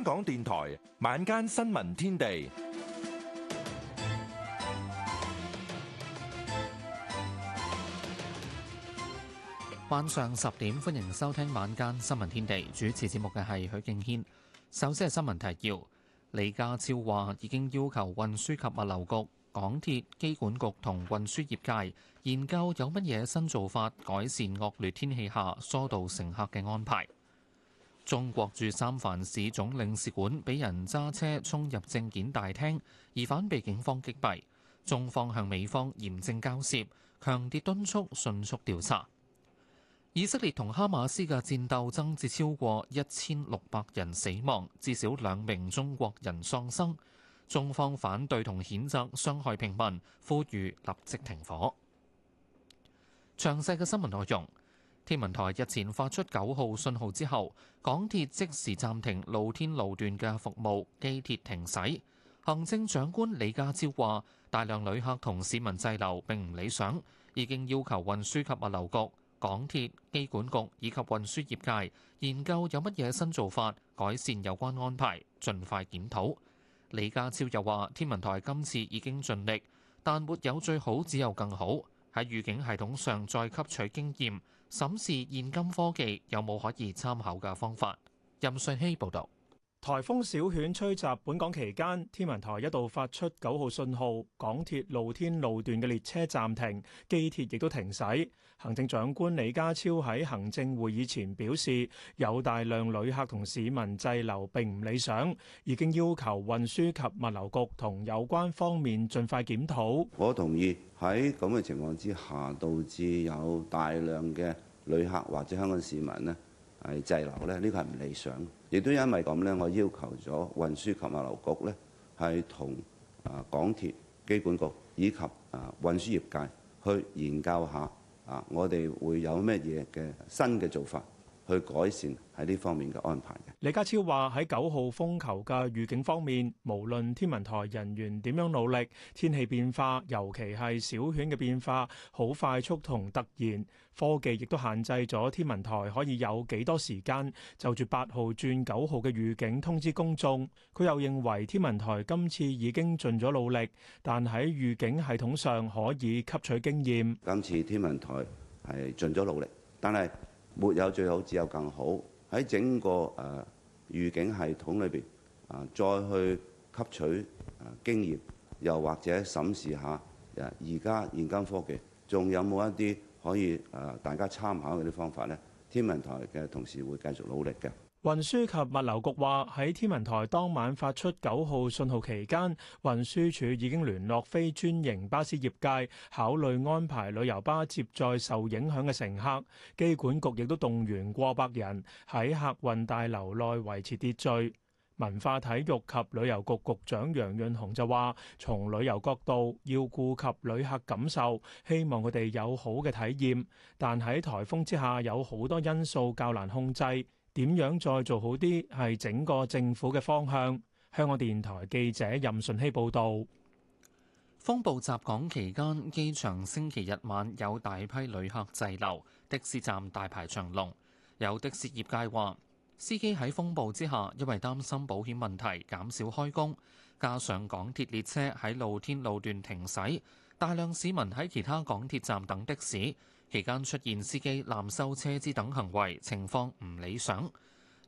香港電台晚間新聞天地，晚上十點歡迎收聽晚間新聞天地。主持節目嘅係許敬軒。首先係新聞提要。李家超話已經要求運輸及物流局、港鐵、機管局同運輸業界研究有乜嘢新做法，改善惡劣天氣下疏導乘客嘅安排。中國駐三藩市總領事館俾人揸車衝入證件大廳，疑犯被警方擊斃。中方向美方嚴正交涉，強烈敦促迅速調查。以色列同哈馬斯嘅戰鬥增至超過一千六百人死亡，至少兩名中國人喪生。中方反對同譴責傷害平民，呼籲立即停火。詳細嘅新聞內容。天文台日前發出九號信號之後，港鐵即時暫停露天路段嘅服務，機鐵停駛。行政長官李家超話：大量旅客同市民滯留並唔理想，已經要求運輸及物流局、港鐵、機管局以及運輸業界研究有乜嘢新做法，改善有關安排，盡快檢討。李家超又話：天文台今次已經盡力，但沒有最好，只有更好。喺預警系統上再吸取經驗。審視現今科技有冇可以參考嘅方法。任瑞希報導。颱風小犬吹襲本港期間，天文台一度發出九號信號，港鐵露天路段嘅列車暫停，機鐵亦都停駛。行政長官李家超喺行政會議前表示，有大量旅客同市民滯留並唔理想，已經要求運輸及物流局同有關方面盡快檢討。我同意喺咁嘅情況之下，導致有大量嘅。旅客或者香港市民呢，係滯留呢，呢個係唔理想。亦都因為咁呢，我要求咗運輸及物流局呢，係同啊港鐵機管局以及啊運輸業界去研究下啊，我哋會有咩嘢嘅新嘅做法。去改善喺呢方面嘅安排嘅。李家超話喺九號風球嘅預警方面，無論天文台人員點樣努力，天氣變化尤其係小犬嘅變化好快速同突然，科技亦都限制咗天文台可以有幾多時間就住八號轉九號嘅預警通知公眾，佢又認為天文台今次已經盡咗努力，但喺預警系統上可以吸取經驗，今次天文台係盡咗努力，但係。沒有最好，只有更好。喺整個誒預警系統裏邊，啊，再去吸取誒經驗，又或者審視下誒而家現今科技，仲有冇一啲可以誒大家參考嘅啲方法呢？天文台嘅同事會繼續努力嘅。運輸及物流局話喺天文台當晚發出九號信號期間，運輸署已經聯絡非專營巴士業界，考慮安排旅遊巴接載受影響嘅乘客。機管局亦都動員過百人喺客運大樓內維持秩序。文化體育及旅遊局局長楊潤雄就話，從旅遊角度要顧及旅客感受，希望佢哋有好嘅體驗。但喺颱風之下，有好多因素較難控制。點樣再做好啲係整個政府嘅方向。香港電台記者任順希報導。風暴襲港期間，機場星期日晚有大批旅客滯留，的士站大排長龍。有的士業界話，司機喺風暴之下因為擔心保險問題減少開工，加上港鐵列車喺露天路段停駛，大量市民喺其他港鐵站等的士。期間出現司機濫收車資等行為，情況唔理想。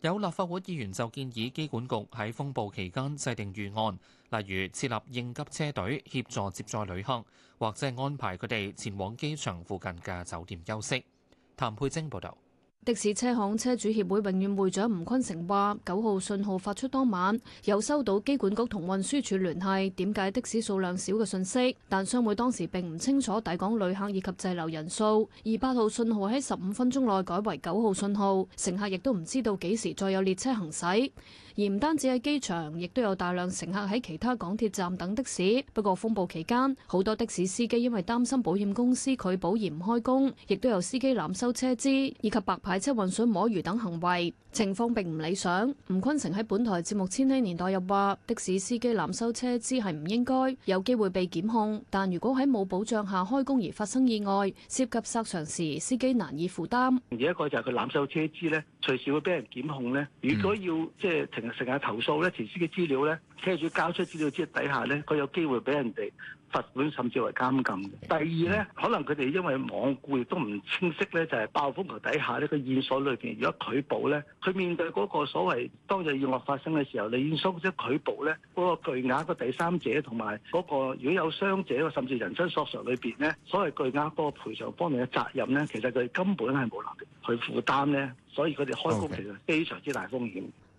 有立法會議員就建議機管局喺風暴期間制定預案，例如設立應急車隊協助接載旅客，或者安排佢哋前往機場附近嘅酒店休息。譚佩晶報導。的士車行車主協會永遠會長吳坤成話：九號信號發出當晚，有收到機管局同運輸署聯繫，點解的士數量少嘅信息，但商會當時並唔清楚抵港旅客以及滯留人數。而八號信號喺十五分鐘內改為九號信號，乘客亦都唔知道幾時再有列車行駛。而唔單止喺機場，亦都有大量乘客喺其他港鐵站等的士。不過風暴期間，好多的士司機因為擔心保險公司拒保而唔開工，亦都有司機濫收車資以及白牌車運水摸魚等行為，情況並唔理想。吳坤成喺本台節目《千禧年代》入話、嗯，的士司機濫收車資係唔應該，有機會被檢控。但如果喺冇保障下開工而發生意外，涉及殺傷時，司機難以負擔。另一個就係佢濫收車資呢，隨時會俾人檢控呢。如果要即係。成日投訴咧，前司嘅資料咧，車主交出資料之底下咧，佢有機會俾人哋罰款，甚至為監禁。第二咧，可能佢哋因為罔顧亦都唔清晰咧，就係、是、爆風球底下呢個線索裏邊，如果舉報咧，佢面對嗰個所謂當日意外發生嘅時候，你疏忽舉報咧，嗰、那個巨額個第三者同埋嗰個如果有傷者，甚至人身索償裏邊咧，所謂巨額嗰個賠償方面嘅責任咧，其實佢根本係冇能力去負擔咧，所以佢哋開工其實非常之大風險。Okay.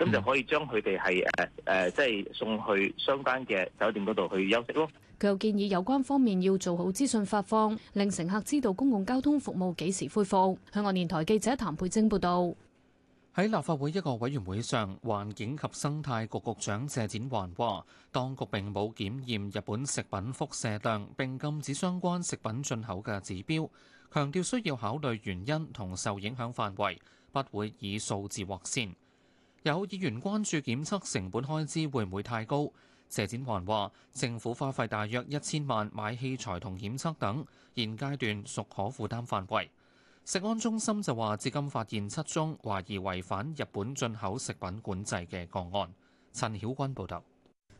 咁就可以將佢哋係誒誒，即係送去相關嘅酒店嗰度去休息咯。佢又建議有關方面要做好資訊發放，令乘客知道公共交通服務幾時恢復。香港電台記者譚佩晶報導。喺立法會一個委員會上，環境及生態局局長謝展寰話，當局並冇檢驗日本食品輻射量，並禁止相關食品進口嘅指標，強調需要考慮原因同受影響範圍，不會以數字劃線。有議員關注檢測成本開支會唔會太高，謝展環話政府花費大約一千萬買器材同檢測等，現階段屬可負擔範圍。食安中心就話，至今發現七宗懷疑違反日本進口食品管制嘅個案。陳曉君報道。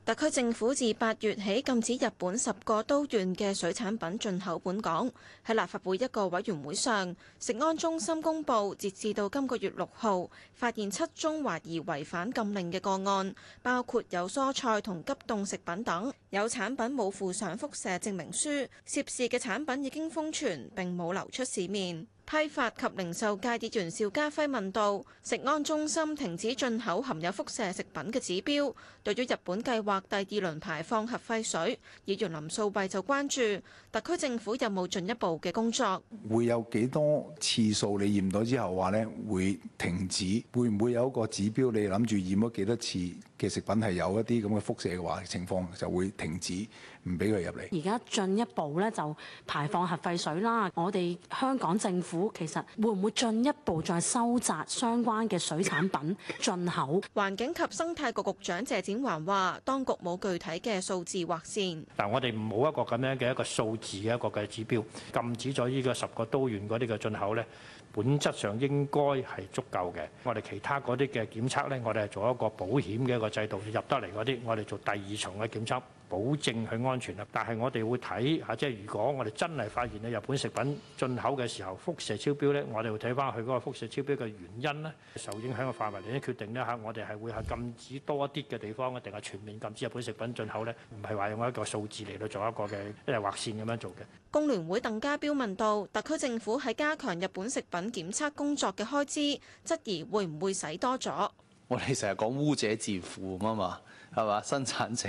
特區政府自八月起禁止日本十個都縣嘅水產品進口本港。喺立法會一個委員會上，食安中心公佈，截至到今個月六號，發現七宗懷疑違反禁令嘅個案，包括有蔬菜同急凍食品等，有產品冇附上輻射證明書。涉事嘅產品已經封存並冇流出市面。批發及零售界議員邵家輝問道：食安中心停止進口含有輻射食品嘅指標，對於日本計劃第二輪排放核廢水，議員林素蔚就關注特區政府有冇進一步嘅工作？會有幾多次數你驗咗之後話呢會停止？會唔會有一個指標你諗住驗咗幾多次嘅食品係有一啲咁嘅輻射嘅話，情況就會停止唔俾佢入嚟？而家進一步呢就排放核廢水啦，我哋香港政府。其實會唔會進一步再收窄相關嘅水產品進口？環 境及生態局局長謝展寰話，當局冇具體嘅數字劃線。嗱，我哋唔好一個咁樣嘅一個數字嘅一個嘅指標，禁止咗呢個十個都縣嗰啲嘅進口咧，本質上應該係足夠嘅。我哋其他嗰啲嘅檢測呢，我哋係做一個保險嘅一個制度入得嚟嗰啲，我哋做第二重嘅檢測，保證佢安全啦。但係我哋會睇吓，即係如果我哋真係發現日本食品進口嘅時候輻射超標呢，我哋會睇返佢嗰個輻射超標嘅原因呢，受影響嘅範圍嚟咧決定呢，吓，我哋係會係禁止多一啲嘅地方，定係全面禁止日本食品進口呢？唔係話用一個數字嚟到做一個嘅一劃線咁樣做嘅。工聯會鄧家彪問到特區政府喺加強日本食品檢測工作嘅開支，質疑會唔會使多咗？我哋成日講污者自負啊嘛，係嘛，生產者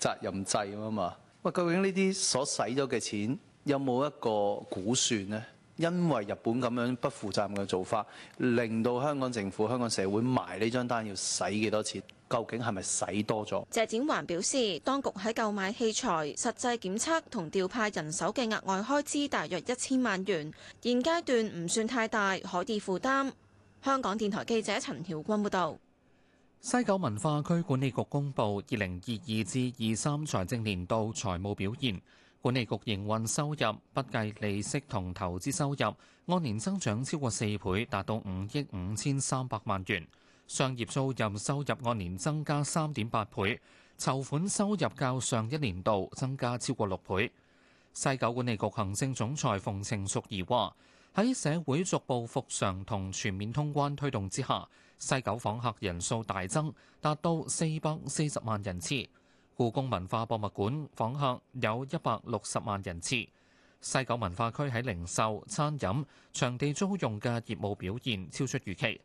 責任制咁啊嘛。喂，究竟呢啲所使咗嘅錢有冇一個估算呢？因為日本咁樣不負責任嘅做法，令到香港政府、香港社會買呢張單要使幾多錢？究竟係咪使多咗？謝展環表示，當局喺購買器材、實際檢測同調派人手嘅額外開支，大約一千萬元，現階段唔算太大，可以負擔。香港電台記者陳曉君報道。西九文化區管理局公布二零二二至二三財政年度財務表現。管理局營運收入不計利息同投資收入，按年增長超過四倍，達到五億五千三百萬元。商業租賃收入按年增加三點八倍，籌款收入較上一年度增加超過六倍。西九管理局行政總裁馮程淑儀話：喺社會逐步復常同全面通關推動之下，西九訪客人數大增，達到四百四十萬人次。故宮文化博物館訪客有一百六十萬人次。西九文化區喺零售、餐飲、場地租用嘅業務表現超出預期。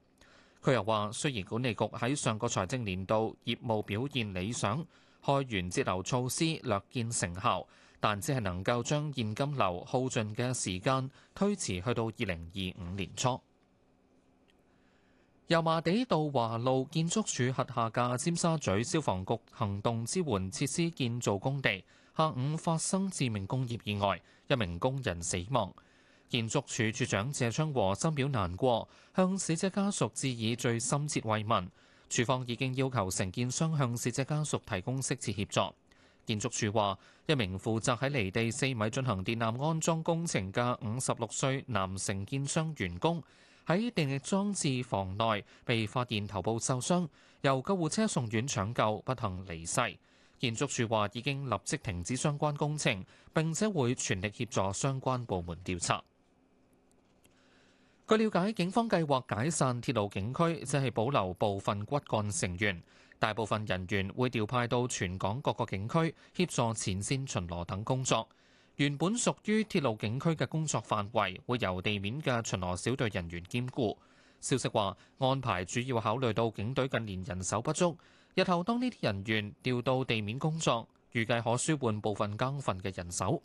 佢又話：雖然管理局喺上個財政年度業務表現理想，開源節流措施略見成效，但只係能夠將現金流耗盡嘅時間推遲去到二零二五年初。油麻地道華路建築署轄下嘅尖沙咀消防局行動支援設施建造工地，下午發生致命工業意外，一名工人死亡。建築署署長謝昌和深表難過，向死者家屬致以最深切慰問。署方已經要求承建商向死者家屬提供適切協助。建築署話，一名負責喺離地四米進行電纜安裝工程嘅五十六歲男承建商員工喺電力裝置房內被發現頭部受傷，由救護車送院搶救，不幸離世。建築署話已經立即停止相關工程，並且會全力協助相關部門調查。據了解，警方計劃解散鐵路警區，只係保留部分骨幹成員，大部分人員會調派到全港各個警區協助前線巡邏等工作。原本屬於鐵路警區嘅工作範圍，會由地面嘅巡邏小隊人員兼顧。消息話安排主要考慮到警隊近年人手不足，日後當呢啲人員調到地面工作，預計可舒緩部分更份嘅人手。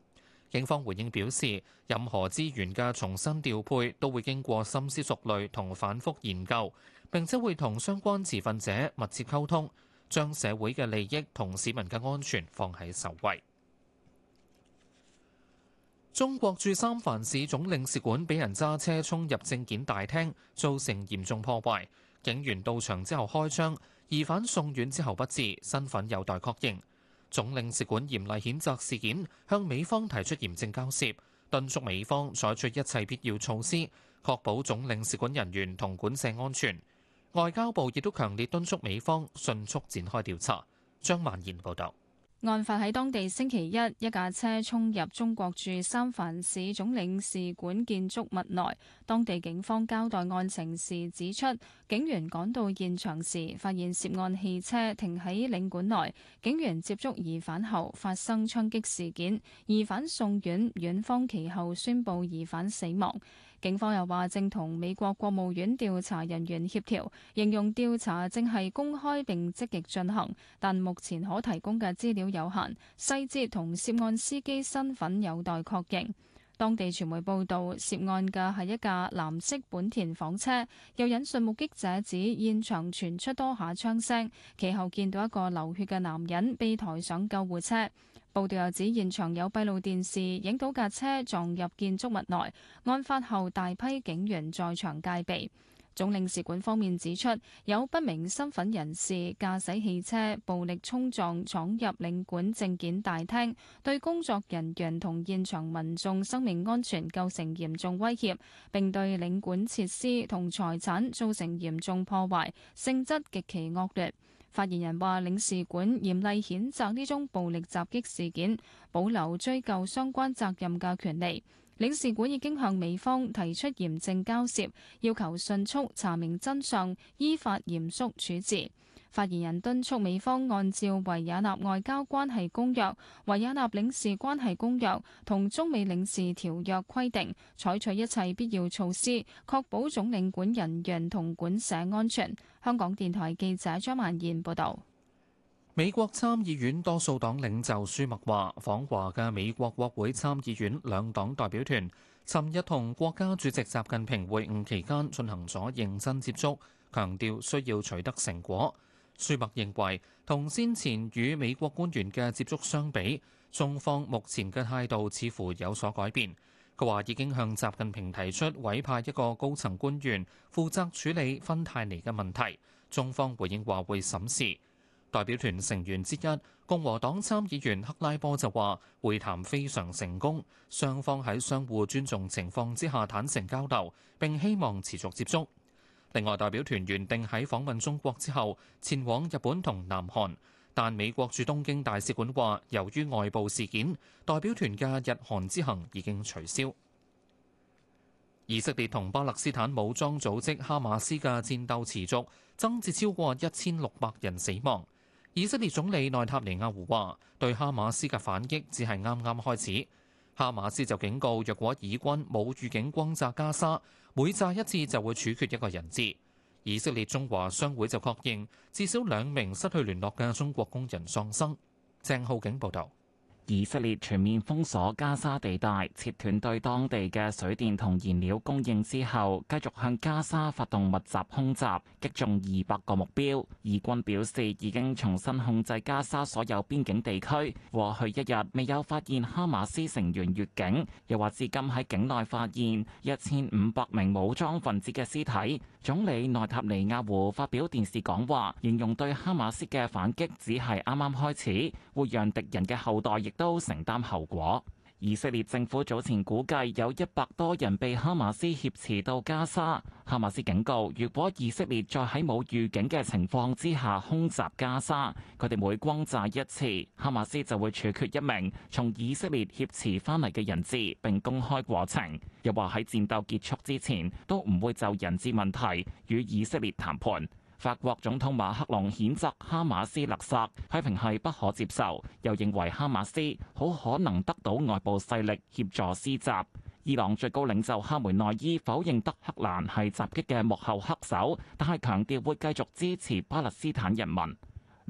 警方回應表示，任何資源嘅重新調配都會經過深思熟慮同反覆研究，並且會同相關持份者密切溝通，將社會嘅利益同市民嘅安全放喺首位。中國駐三藩市總領事館俾人揸車衝入證件大廳，造成嚴重破壞，警員到場之後開槍，疑犯送院之後不治，身份有待確認。總領事館嚴厲譴責事件，向美方提出嚴正交涉，敦促美方採取一切必要措施，確保總領事館人員同館舍安全。外交部亦都強烈敦促美方迅速展開調查。張萬賢報道。案發喺當地星期一，一架車衝入中國駐三藩市總領事館建築物內。當地警方交代案情時指出，警員趕到現場時，發現涉案汽車停喺領館內。警員接觸疑犯後，發生槍擊事件，疑犯送院，院方其後宣布疑犯死亡。警方又話正同美國國務院調查人員協調，形容調查正係公開並積極進行，但目前可提供嘅資料有限，細節同涉案司機身份有待確認。當地傳媒報道，涉案嘅係一架藍色本田房車。又引述目擊者指，現場傳出多下槍聲，其後見到一個流血嘅男人被抬上救護車。報道又指，現場有閉路電視影到架車撞入建築物內。案發後，大批警員在場戒備。總領事館方面指出，有不明身份人士駕駛汽車暴力衝撞闖入領館證件大廳，對工作人員同現場民眾生命安全構成嚴重威脅，並對領館設施同財產造成嚴重破壞，性質極其惡劣。發言人話，領事館嚴厲譴責呢宗暴力襲擊事件，保留追究相關責任嘅權利。領事館已經向美方提出嚴正交涉，要求迅速查明真相，依法嚴肅處置。發言人敦促美方按照《維也納外交關係公約》、《維也納領事關係公約》同《中美領事條約》規定，採取一切必要措施，確保總領館人員同館舍安全。香港電台記者張曼燕報道。美國參議院多數黨領袖舒默話：訪華嘅美國國會參議院兩黨代表團，尋日同國家主席習近平會晤期間進行咗認真接觸，強調需要取得成果。舒默認為，同先前與美國官員嘅接觸相比，中方目前嘅態度似乎有所改變。佢話已經向習近平提出委派一個高層官員負責處理芬太尼嘅問題。中方回應話會審視。代表團成員之一共和黨參議員克拉波就話：會談非常成功，雙方喺相互尊重情況之下坦誠交流，並希望持續接觸。另外，代表團原定喺訪問中國之後前往日本同南韓，但美國駐東京大使館話，由於外部事件，代表團嘅日韓之行已經取消。以色列同巴勒斯坦武裝組織哈馬斯嘅戰鬥持續，增至超過一千六百人死亡。以色列總理內塔尼亞胡話：對哈馬斯嘅反擊只係啱啱開始，哈馬斯就警告，若果以軍冇預警轟炸加沙，每炸一次就會處決一個人質。以色列中華商會就確認，至少兩名失去聯絡嘅中國工人喪生。鄭浩景報道。以色列全面封鎖加沙地帶，切斷對當地嘅水電同燃料供應之後繼續向加沙發動密集空襲，擊中二百個目標，以軍表示已經重新控制加沙所有邊境地區，過去一日未有發現哈馬斯成員越境，又話至今喺境內發現一千五百名武裝分子嘅屍體，總理內塔尼亞胡發表電視講話，形容對哈馬斯嘅反擊只係啱啱開始，會讓敵人嘅後代亦都承擔後果。以色列政府早前估計有一百多人被哈馬斯挾持到加沙。哈馬斯警告，如果以色列再喺冇預警嘅情況之下空襲加沙，佢哋每轟炸一次，哈馬斯就會處決一名從以色列挾持翻嚟嘅人質並公開過程。又話喺戰鬥結束之前，都唔會就人質問題與以色列談判。法國總統馬克龍譴責哈馬斯勒索，批評係不可接受，又認為哈馬斯好可能得到外部勢力協助施襲。伊朗最高領袖哈梅內伊否認德黑蘭係襲擊嘅幕後黑手，但係強調會繼續支持巴勒斯坦人民。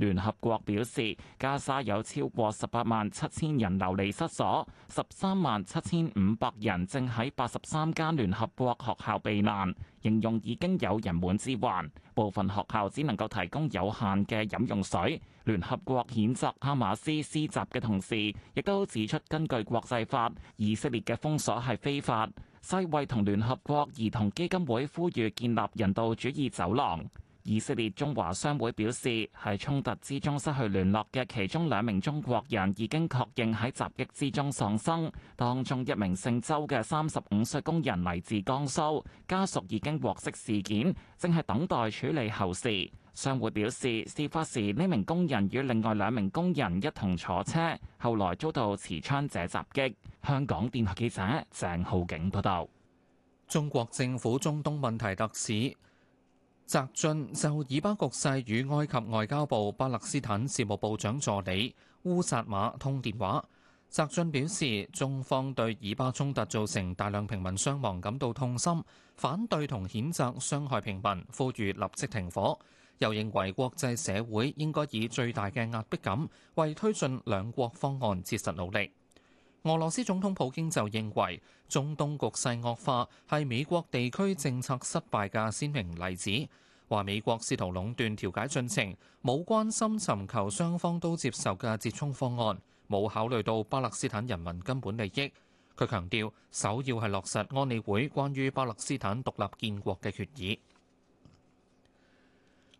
聯合國表示，加沙有超過十八萬七千人流離失所，十三萬七千五百人正喺八十三間聯合國學校避難，形容已經有人滿之患。部分學校只能夠提供有限嘅飲用水。聯合國譴責哈馬斯施襲嘅同時，亦都指出根據國際法，以色列嘅封鎖係非法。世衛同聯合國兒童基金會呼籲建立人道主義走廊。以色列中華商會表示，喺衝突之中失去聯絡嘅其中兩名中國人已經確認喺襲擊之中喪生。當中一名姓周嘅三十五歲工人嚟自江蘇，家屬已經獲悉事件，正係等待處理後事。商會表示，事發時呢名工人與另外兩名工人一同坐車，後來遭到持槍者襲擊。香港電台記者鄭浩景報道。中國政府中東問題特使，澤俊就以巴局勢與埃及外交部巴勒斯坦事務部長助理烏薩馬通電話。澤俊表示，中方對以巴衝突造成大量平民傷亡感到痛心，反對同譴責傷害平民，呼籲立即停火。又認為國際社會應該以最大嘅壓迫感，為推進兩國方案切實努力。俄羅斯總統普京就認為，中東局勢惡化係美國地區政策失敗嘅鮮明例子，話美國試圖壟斷調解進程，冇關心尋求雙方都接受嘅折衷方案，冇考慮到巴勒斯坦人民根本利益。佢強調，首要係落實安理會關於巴勒斯坦獨立建國嘅決議。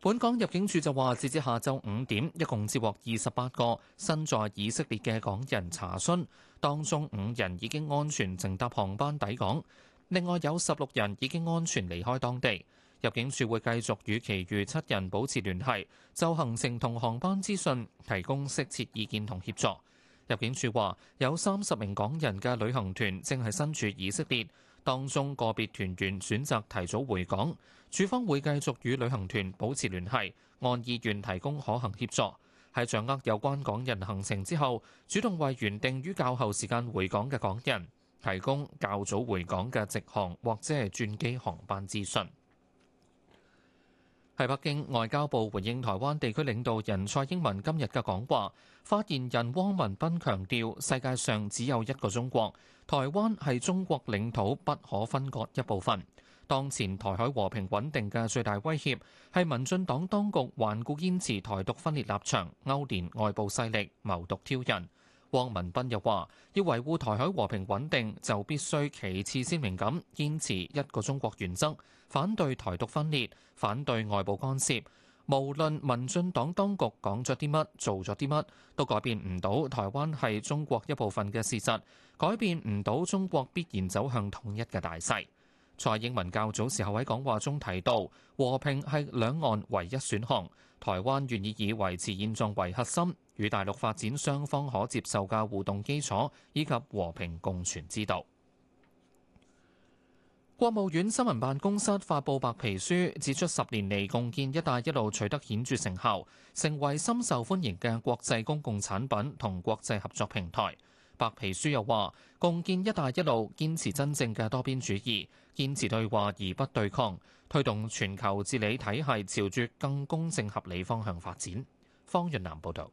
本港入境處就話，截至下晝五點，一共接獲二十八個身在以色列嘅港人查詢。當中五人已經安全乘搭航班抵港，另外有十六人已經安全離開當地。入境處會繼續與其餘七人保持聯繫，就行程同航班資訊提供適切意見同協助。入境處話，有三十名港人嘅旅行團正係身處以色列，當中個別團員選擇提早回港，處方會繼續與旅行團保持聯繫，按意願提供可行協助。喺掌握有關港人行程之後，主動為原定於較後時間回港嘅港人提供較早回港嘅直航或者係轉機航班資訊。喺北京，外交部回應台灣地區領導人蔡英文今日嘅講話，發言人汪文斌強調：世界上只有一個中國，台灣係中國領土不可分割一部分。當前台海和平穩定嘅最大威脅係民進黨當局頑固堅持台獨分裂立場，勾連外部勢力，謀獨挑釁。汪文斌又話：要維護台海和平穩定，就必須旗幟鮮明咁堅持一個中國原則，反對台獨分裂，反對外部干涉。無論民進黨當局講咗啲乜，做咗啲乜，都改變唔到台灣係中國一部分嘅事實，改變唔到中國必然走向統一嘅大勢。蔡英文較早時候喺講話中提到，和平係兩岸唯一選項，台灣願意以維持現狀為核心，與大陸發展雙方可接受嘅互動基礎，以及和平共存之道。國務院新聞辦公室發布白皮書，指出十年嚟共建「一帶一路」取得顯著成效，成為深受歡迎嘅國際公共產品同國際合作平台。白皮書又話：共建「一帶一路」，堅持真正嘅多邊主義，堅持對話而不對抗，推動全球治理體系朝住更公正合理方向發展。方潤南報導。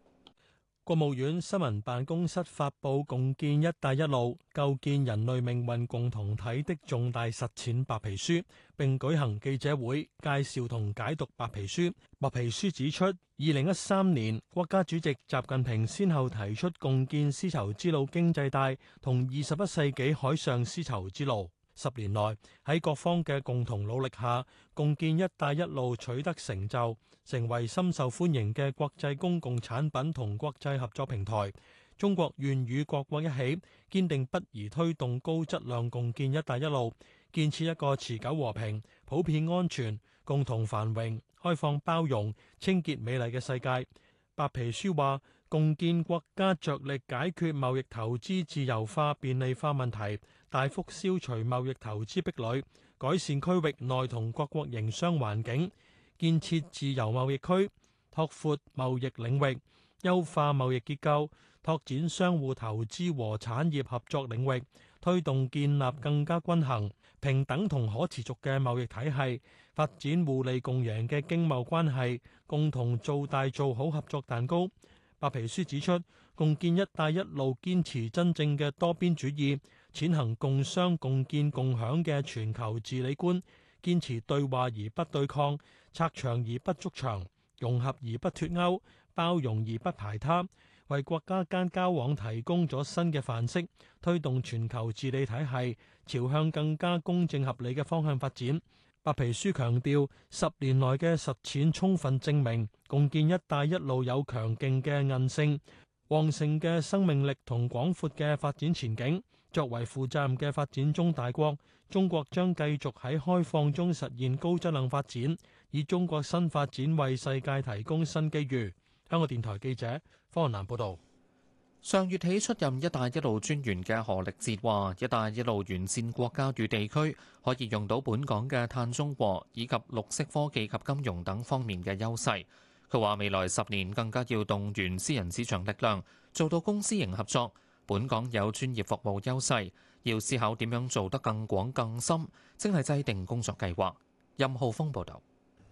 國務院新聞辦公室發布《共建“一帶一路”構建人類命運共同體的重大實踐》白皮書，並舉行記者會介紹同解讀白皮書。白皮書指出，二零一三年，國家主席習近平先後提出共建絲綢之路經濟帶同二十一世紀海上絲綢之路。十年來，喺各方嘅共同努力下，共建「一帶一路」取得成就，成為深受歡迎嘅國際公共產品同國際合作平台。中國願與各國一起，堅定不移推動高質量共建「一帶一路」，建設一個持久和平、普遍安全、共同繁榮、開放包容、清潔美麗嘅世界。白皮書話，共建國家着力解決貿易投資自由化、便利化問題。大幅消除貿易投資壁壘，改善區域內同各國營商環境，建設自由貿易區，拓闊貿易領域，優化貿易結構，拓展相互投資和產業合作領域，推動建立更加均衡、平等同可持續嘅貿易體系，發展互利共贏嘅經貿關係，共同做大做好合作蛋糕。白皮書指出，共建一帶一路堅持真正嘅多邊主義。踐行共商、共建、共享嘅全球治理觀，堅持對話而不對抗，拆牆而不築牆，融合而不脫鉤，包容而不排他，為國家間交往提供咗新嘅範式，推動全球治理體系朝向更加公正合理嘅方向發展。白皮書強調，十年來嘅實踐充分證明，共建「一帶一路」有強勁嘅韌性、旺盛嘅生命力同廣闊嘅發展前景。作為負責任嘅發展中大國，中國將繼續喺開放中實現高質量發展，以中國新發展為世界提供新機遇。香港電台記者方雲南報道。上月起出任「一帶一路」專員嘅何力治話，「一帶一路」完善國家與地區，可以用到本港嘅碳中和以及綠色科技及金融等方面嘅優勢。佢話未來十年更加要動員私人市場力量，做到公私營合作。本港有專業服務優勢，要思考點樣做得更廣更深，即係制定工作計劃。任浩峰報導。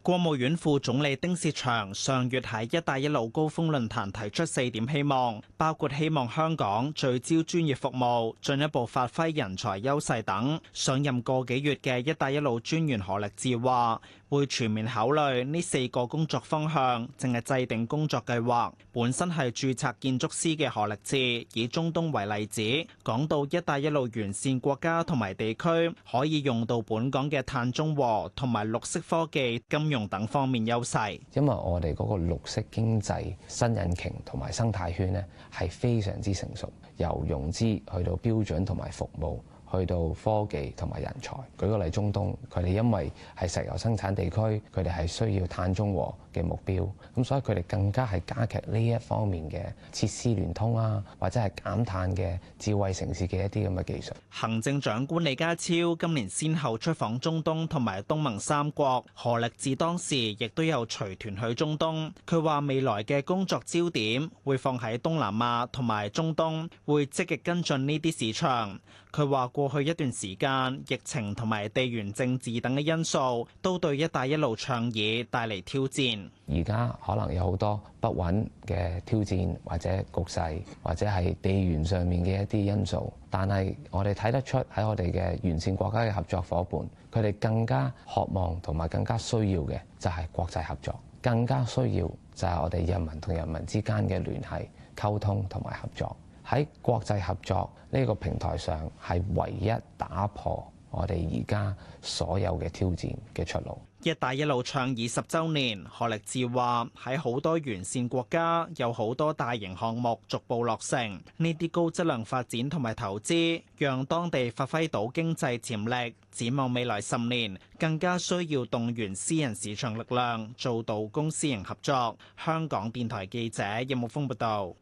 國務院副總理丁薛祥上月喺一帶一路高峰論壇提出四點希望，包括希望香港聚焦專業服務、進一步發揮人才優勢等。上任個幾月嘅一帶一路專員何力智話，會全面考慮呢四個工作方向，淨係制定工作計劃。本身係註冊建築師嘅何力智，以中東為例子，講到一帶一路完善國家同埋地區可以用到本港嘅碳中和同埋綠色科技金融。用等方面優勢，因為我哋嗰個綠色經濟新引擎同埋生態圈咧，係非常之成熟，由融資去到標準同埋服務，去到科技同埋人才。舉個例，中東，佢哋因為係石油生產地區，佢哋係需要碳中和嘅目標，咁所以佢哋更加係加劇呢一方面嘅設施聯通啊，或者係減碳嘅智慧城市嘅一啲咁嘅技術。行政長官李家超今年先後出訪中東同埋東盟三國，何力智當時亦都有隨團去中東。佢話未來嘅工作焦點會放喺東南亞同埋中東，會積極跟進呢啲市場。佢話過去一段時間，疫情同埋地緣政治等嘅因素都對一帶一路倡議帶嚟挑戰。而家可能有好多不穩嘅挑戰，或者局勢，或者係地緣上面嘅一啲因素。但係我哋睇得出，喺我哋嘅完善國家嘅合作夥伴，佢哋更加渴望同埋更加需要嘅就係國際合作，更加需要就係我哋人民同人民之間嘅聯繫、溝通同埋合作。喺國際合作呢個平台上，係唯一打破我哋而家所有嘅挑戰嘅出路。“一帶一路”倡議十週年，何力智話：喺好多沿線國家有好多大型項目逐步落成，呢啲高質量發展同埋投資，讓當地發揮到經濟潛力。展望未來十年，更加需要動員私人市場力量，做到公私營合作。香港電台記者葉木峰報道。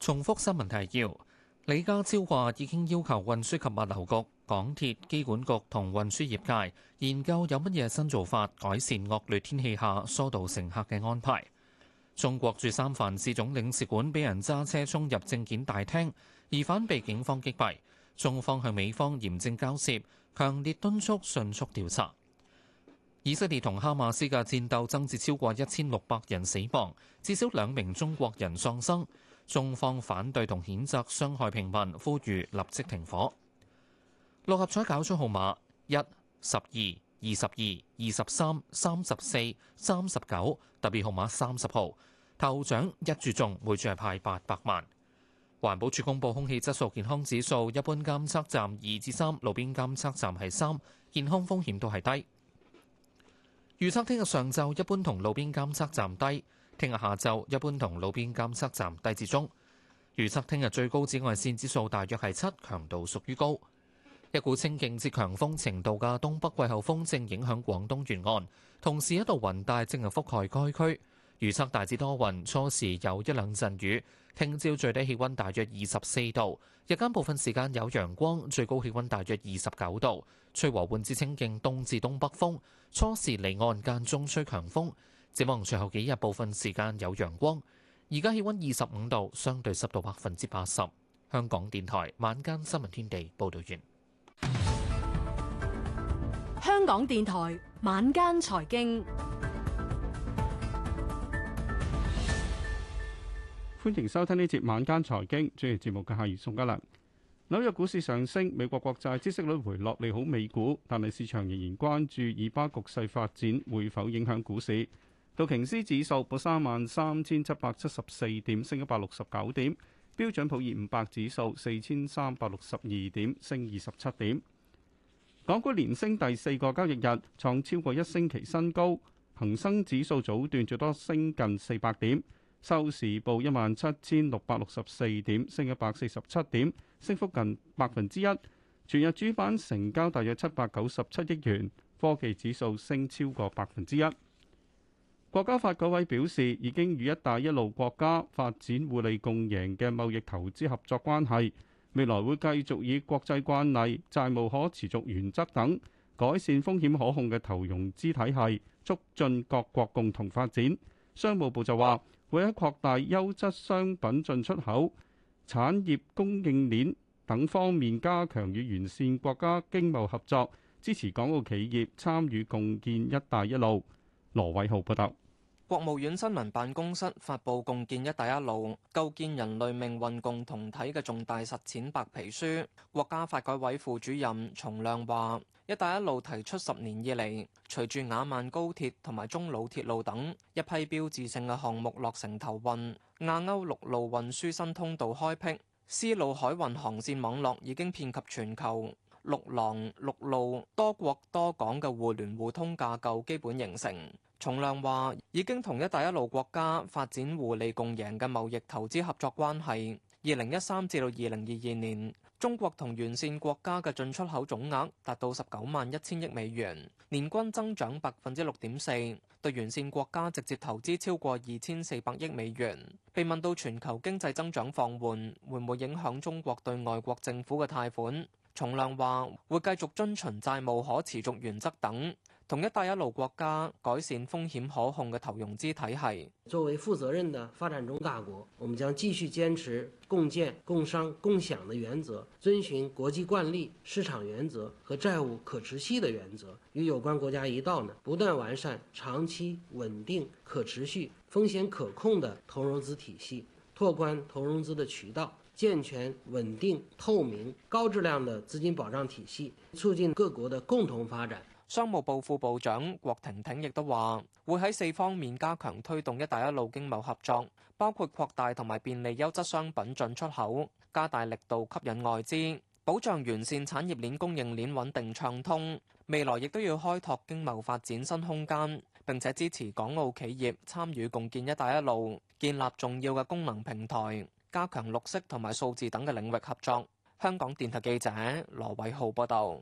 重複新聞提要。李家超話已經要求運輸及物流局、港鐵、機管局同運輸業界研究有乜嘢新做法，改善惡劣天氣下疏導乘客嘅安排。中國駐三藩市總領事館畀人揸車衝入證件大廳，疑犯被警方擊斃。中方向美方嚴正交涉，強烈敦促迅速調查。以色列同哈馬斯嘅戰鬥增至超過一千六百人死亡，至少兩名中國人喪生。中方反對同譴責傷害平民，呼籲立即停火。六合彩攪出號碼一、十二、二十二、二十三、三十四、三十九，特別號碼三十號。頭獎一注中，每注係派八百萬。環保署公布空氣質素健康指數，一般監測站二至三，路邊監測站係三，健康風險都係低。預測聽日上晝一般同路邊監測站低。聽日下晝一般同路邊監測站低至中，預測聽日最高紫外線指數大約係七，強度屬於高。一股清勁至強風程度嘅東北季候風正影響廣東沿岸，同時一道雲帶正係覆蓋該區，預測大致多雲，初時有一兩陣雨。聽朝最低氣溫大約二十四度，日間部分時間有陽光，最高氣溫大約二十九度，吹和緩至清勁東至東北風，初時離岸間中吹強風。展望隨後幾日部分時間有陽光，而家氣溫二十五度，相對濕度百分之八十。香港電台晚間新聞天地報道完。香港電台晚間財經，歡迎收聽呢節晚間財經，主持節目嘅係宋嘉良。紐約股市上升，美國國債孳息率回落，利好美股，但係市場仍然關注以巴局勢發展會否影響股市。道瓊斯指數報三萬三千七百七十四點，升一百六十九點；標準普爾五百指數四千三百六十二點，升二十七點。港股連升第四個交易日，創超過一星期新高。恒生指數早段最多升近四百點，收市報一萬七千六百六十四點，升一百四十七點，升幅近百分之一。全日主板成交大約七百九十七億元，科技指數升超過百分之一。國家發改委表示，已經與“一帶一路”國家發展互利共贏嘅貿易投資合作關係，未來會繼續以國際慣例、債務可持續原則等改善風險可控嘅投融資體系，促進各國共同發展。商務部就話，會喺擴大優質商品進出口、產業供應鏈等方面加強與完善國家經貿合作，支持港澳企業參與共建“一帶一路”。羅偉浩報道。國務院新聞辦公室發布《共建“一帶一路”構建人類命運共同體》嘅重大實踐白皮書。國家發改委副主任叢亮話：“一帶一路”提出十年以嚟，隨住雅萬高鐵同埋中老鐵路等一批標誌性嘅項目落成投運，亞歐陸路運輸新通道開闢，絲路海運航線網絡已經遍及全球，六廊六路多國多港嘅互聯互通架構基本形成。叢亮話：已經同“一帶一路”國家發展互利共贏嘅貿易、投資合作關係。二零一三至到二零二二年，中國同沿綫國家嘅進出口總額達到十九萬一千億美元，年均增長百分之六點四。對沿綫國家直接投資超過二千四百億美元。被問到全球經濟增長放緩會唔會影響中國對外國政府嘅貸款，叢亮話會繼續遵循債務可持續原則等。同“一帶一路”國家改善風險可控的投融資體系。作為負責任的發展中大國，我們將繼續堅持共建、共商、共享的原則，遵循國際慣例、市場原則和債務可持續的原則，與有關國家一道呢，呢不斷完善長期、穩定、可持續、風險可控的投融資體系，拓寬投融資的渠道，健全穩定、透明、高質量的資金保障體系，促進各國的共同發展。商務部副部長郭婷婷亦都話會喺四方面加強推動「一帶一路」經貿合作，包括擴大同埋便利優質商品進出口，加大力度吸引外資，保障完善產業鏈供應鏈穩定暢通。未來亦都要開拓經貿發展新空間，並且支持港澳企業參與共建「一帶一路」，建立重要嘅功能平台，加強綠色同埋數字等嘅領域合作。香港電台記者羅偉浩報道。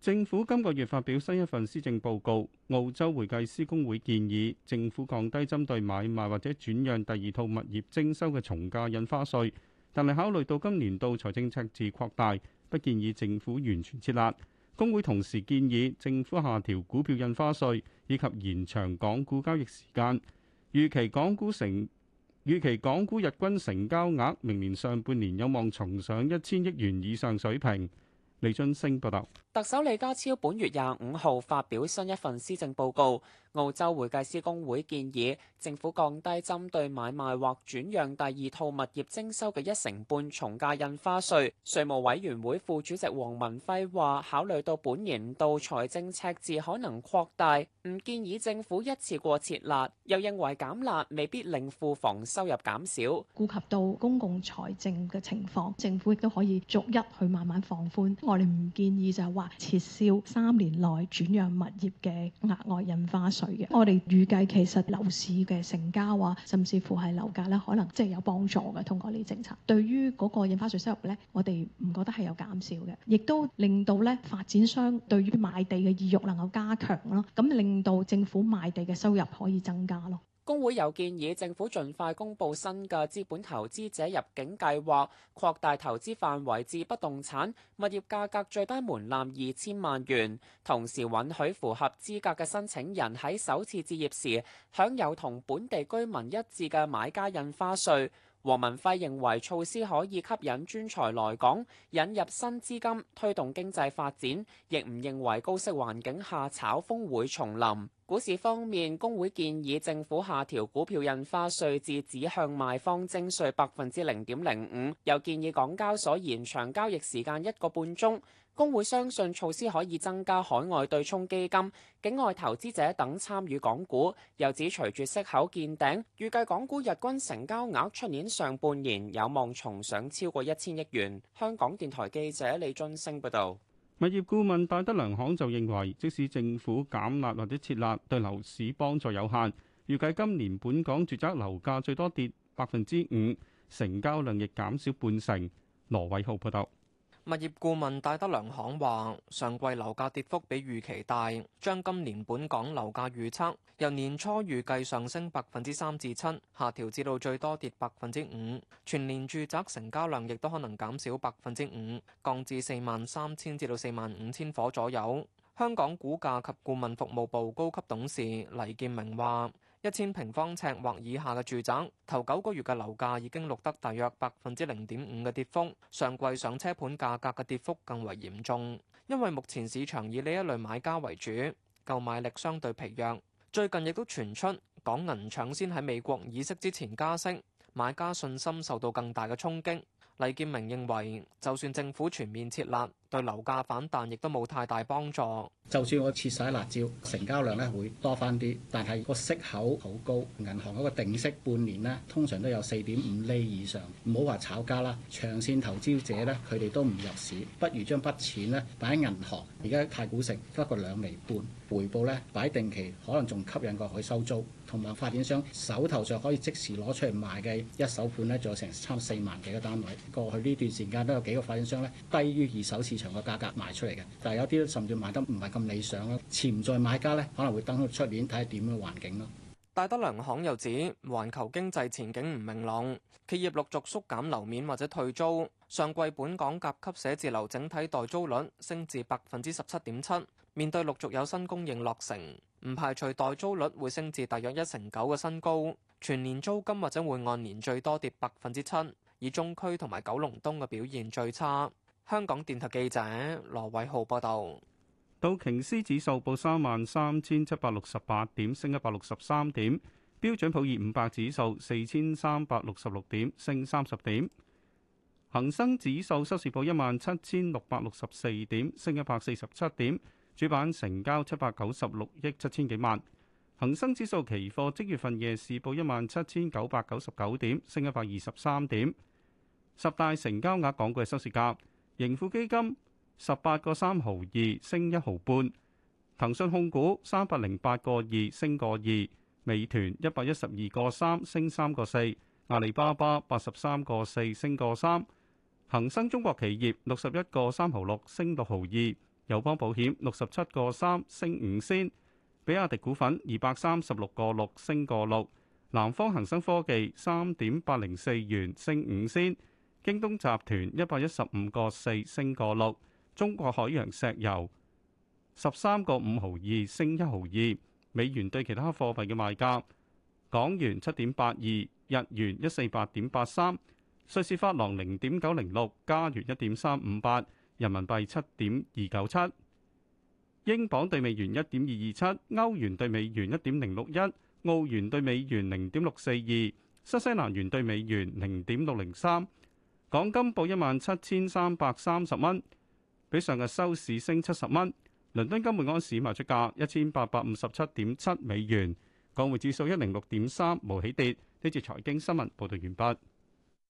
政府今個月發表新一份施政報告，澳洲會計師公會建議政府降低針對買賣或者轉讓第二套物業徵收嘅重價印花稅，但係考慮到今年度財政赤字擴大，不建議政府完全設立。公會同時建議政府下調股票印花稅以及延長港股交易時間，預期港股成預期港股日均成交額明年上半年有望重上一千億元以上水平。李津升報道，特首李家超本月廿五號發表新一份施政報告。澳洲會計師工會建議政府降低針對買賣或轉讓第二套物業徵收嘅一成半重價印花稅。稅務委員會副主席黃文輝話，考慮到本年度財政赤字可能擴大，唔建議政府一次過撤辣，又認為減辣未必令庫房收入減少。顧及到公共財政嘅情況，政府亦都可以逐一去慢慢放寬。我哋唔建議就係話撤銷三年內轉讓物業嘅額外印花稅。我哋預計其實樓市嘅成交啊，甚至乎係樓價咧，可能即係有幫助嘅，通過呢啲政策。對於嗰個印花稅收入咧，我哋唔覺得係有減少嘅，亦都令到咧發展商對於買地嘅意欲能夠加強咯，咁令到政府賣地嘅收入可以增加咯。工會又建議政府盡快公布新嘅資本投資者入境計劃，擴大投資範圍至不動產，物業價格最低門檻二千萬元，同時允許符合資格嘅申請人喺首次置業時享有同本地居民一致嘅買家印花稅。黃文輝認為措施可以吸引專才來港，引入新資金，推動經濟發展，亦唔認為高息環境下炒風會重臨。股市方面，工會建議政府下調股票印花稅至只向賣方徵稅百分之零點零五，又建議港交所延長交易時間一個半鐘。工會相信措施可以增加海外對沖基金、境外投資者等參與港股，又指隨住息口見頂，預計港股日均成交額出年上半年有望重上超過一千億元。香港電台記者李俊升報道。物業顧問戴德良行就認為，即使政府減辣或者撤辣對樓市幫助有限，預計今年本港住宅樓價最多跌百分之五，成交量亦減少半成。羅偉浩報道。.物業顧問戴德梁行話，上季樓價跌幅比預期大，將今年本港樓價預測由年初預計上升百分之三至七，下調至到最多跌百分之五，全年住宅成交量亦都可能減少百分之五，降至四萬三千至到四萬五千伙左右。香港股價及顧問服務部高級董事黎建明話。一千平方尺或以下嘅住宅，頭九個月嘅樓價已經錄得大約百分之零點五嘅跌幅，上季上車盤價格嘅跌幅更為嚴重，因為目前市場以呢一類買家為主，購買力相對疲弱。最近亦都傳出港銀搶先喺美國議息之前加息，買家信心受到更大嘅衝擊。黎建明認為，就算政府全面撤辣，對樓價反彈亦都冇太大幫助。就算我撤晒辣椒，成交量咧會多返啲，但係個息口好高，銀行嗰個定息半年咧通常都有四點五厘以上。唔好話炒家啦，長線投資者咧佢哋都唔入市，不如將筆錢咧擺喺銀行。而家太古城不過兩厘半，回報咧擺定期可能仲吸引過佢收租。同埋發展商手頭上可以即時攞出嚟賣嘅一手盤咧，仲有成差四萬幾個單位。過去呢段時間都有幾個發展商咧，低於二手市場嘅價格賣出嚟嘅。但係有啲甚至賣得唔係咁理想咯。潛在買家咧，可能會等到出年睇下點樣環境咯。戴德梁行又指，環球經濟前景唔明朗，企業陸續縮減樓面或者退租。上季本港甲，甲級寫字樓整體代租率升至百分之十七點七，面對陸續有新供應落成。唔排除代租率會升至大約一成九嘅新高，全年租金或者會按年最多跌百分之七，以中區同埋九龍東嘅表現最差。香港電台記者羅偉浩報道。道瓊斯指數報三萬三千七百六十八點，升一百六十三點。標準普爾五百指數四千三百六十六點，升三十點。恒生指數收市報一萬七千六百六十四點，升一百四十七點。主板成交七百九十六億七千幾萬，恒生指數期貨即月份夜市報一萬七千九百九十九點，升一百二十三點。十大成交額港股嘅收市價，盈富基金十八個三毫二，升一毫半；騰訊控股三百零八個二，升個二；美團一百一十二個三，升三個四；阿里巴巴八十三個四，升個三；恒生中國企業六十一個三毫六，升六毫二。友邦保險六十七個三升五仙，比亞迪股份二百三十六個六升個六，南方恒生科技三點八零四元升五仙，京東集團一百一十五個四升個六，中國海洋石油十三個五毫二升一毫二，美元對其他貨幣嘅賣價，港元七點八二，日元一四八點八三，瑞士法郎零點九零六，加元一點三五八。人民幣七點二九七，英鎊對美元一點二二七，歐元對美元一點零六一，澳元對美元零點六四二，新西蘭元對美元零點六零三。港金報一萬七千三百三十蚊，比上日收市升七十蚊。倫敦金每盎司賣出價一千八百五十七點七美元，港匯指數一零六點三，無起跌。呢次財經新聞報道完畢。